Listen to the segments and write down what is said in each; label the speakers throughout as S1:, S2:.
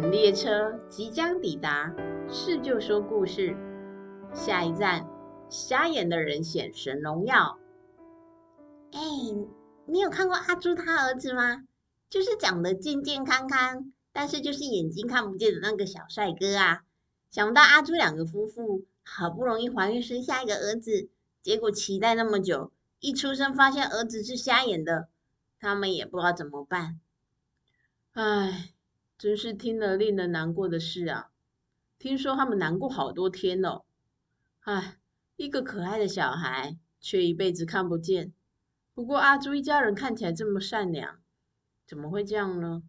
S1: 列車即將抵達，是就說故事。下一站，瞎眼的人顯神榮耀。哎、欸，你有看過阿珠他兒子嗎？就是長得健健康康，但是就是眼睛看不見的那個小帥哥啊。想不到阿珠兩個夫婦好不容易懷孕生下一個兒子，結果期待那麼久，一出生發現兒子是瞎眼的，他們也不知道怎麼辦。哎。真是聽了令人難過的事啊！聽說他們難過好多天哦。唉，一個可愛的小孩，卻一輩子看不見。不過阿朱一家人看起來這麼善良，怎麼會這樣呢？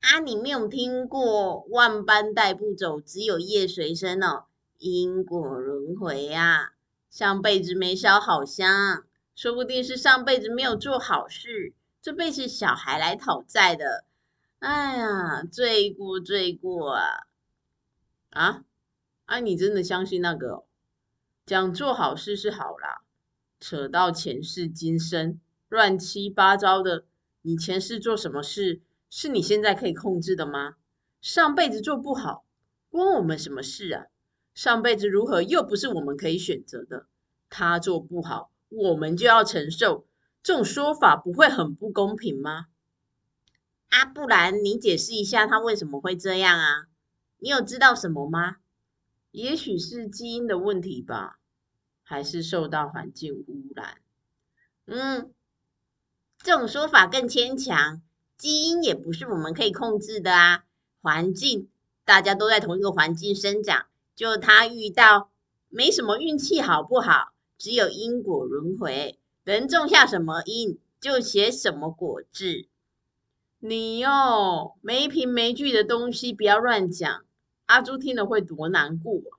S1: 啊，你沒有聽過“萬般帶不走，只有業隨身”哦，因果輪回啊！上輩子沒燒好香，說不定是上輩子沒有做好事，這輩子小孩來討債的。哎呀，罪過罪過啊！啊，哎、啊，你真的相信那個、哦？講做好事是好啦，扯到前世今生，亂七八糟的。你前世做什麼事，是你現在可以控制的嗎？上輩子做不好，關我們什麼事啊？上輩子如何，又不是我們可以選擇的。他做不好，我們就要承受，這種說法不會很不公平嗎？啊，不然你解釋一下他為什麼會這樣啊？你有知道什麼嗎？也許是基因的問題吧，還是受到環境污染？嗯，這種說法更牽強，基因也不是我們可以控制的啊。環境，大家都在同一個環境生長，就他遇到沒什麼運氣好不好？只有因果輪回，人種下什麼因，就結什麼果子。你喲、哦，沒憑沒據的東西不要亂講，阿朱聽了會多難過。啊，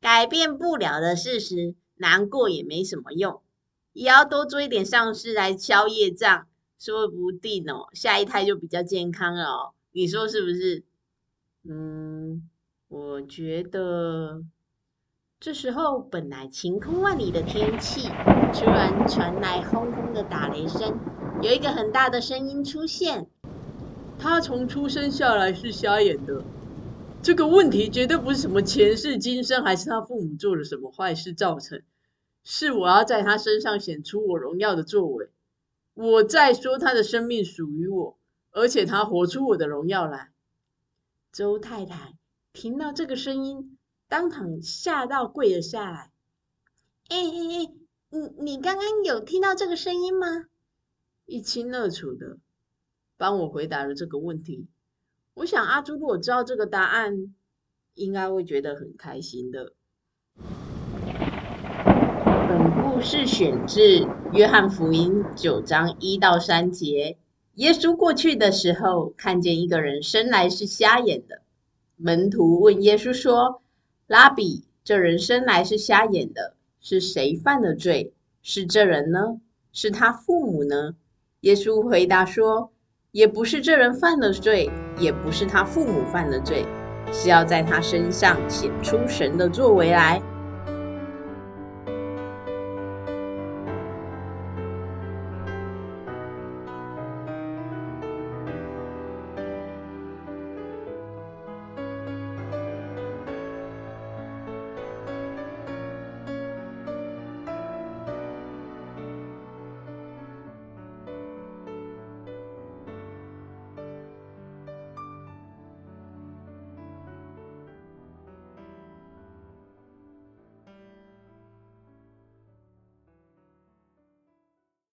S1: 改變不了的事實，難過也沒什麼用，也要多做一點善事來敲業障，說不定哦，下一胎就比較健康了。哦，你說是不是？嗯，我覺得。這時候，本來晴空萬里的天氣，突然傳來轟轟的打雷聲，有一個很大的聲音出現。他從出生下來是瞎眼的，這個問題絕對不是什麼前世今生，還是他父母做了什麼壞事造成，是我要在他身上顯出我榮耀的作為。我在說他的生命屬於我，而且他活出我的榮耀來。周太太聽到這個聲音。當場嚇到跪了下來。哎哎哎，你你剛剛有聽到這個聲音嗎？一清二楚的，幫我回答了這個問題。我想阿朱，如果我知道這個答案，應該會覺得很開心的。本故事選自《約翰福音》九章一到三節。耶穌過去的時候，看見一個人生來是瞎眼的。門徒問耶穌說。拉比，這人生來是瞎眼的，是誰犯的罪？是這人呢？是他父母呢？耶穌回答說：也不是這人犯的罪，也不是他父母犯的罪，是要在他身上顯出神的作為來。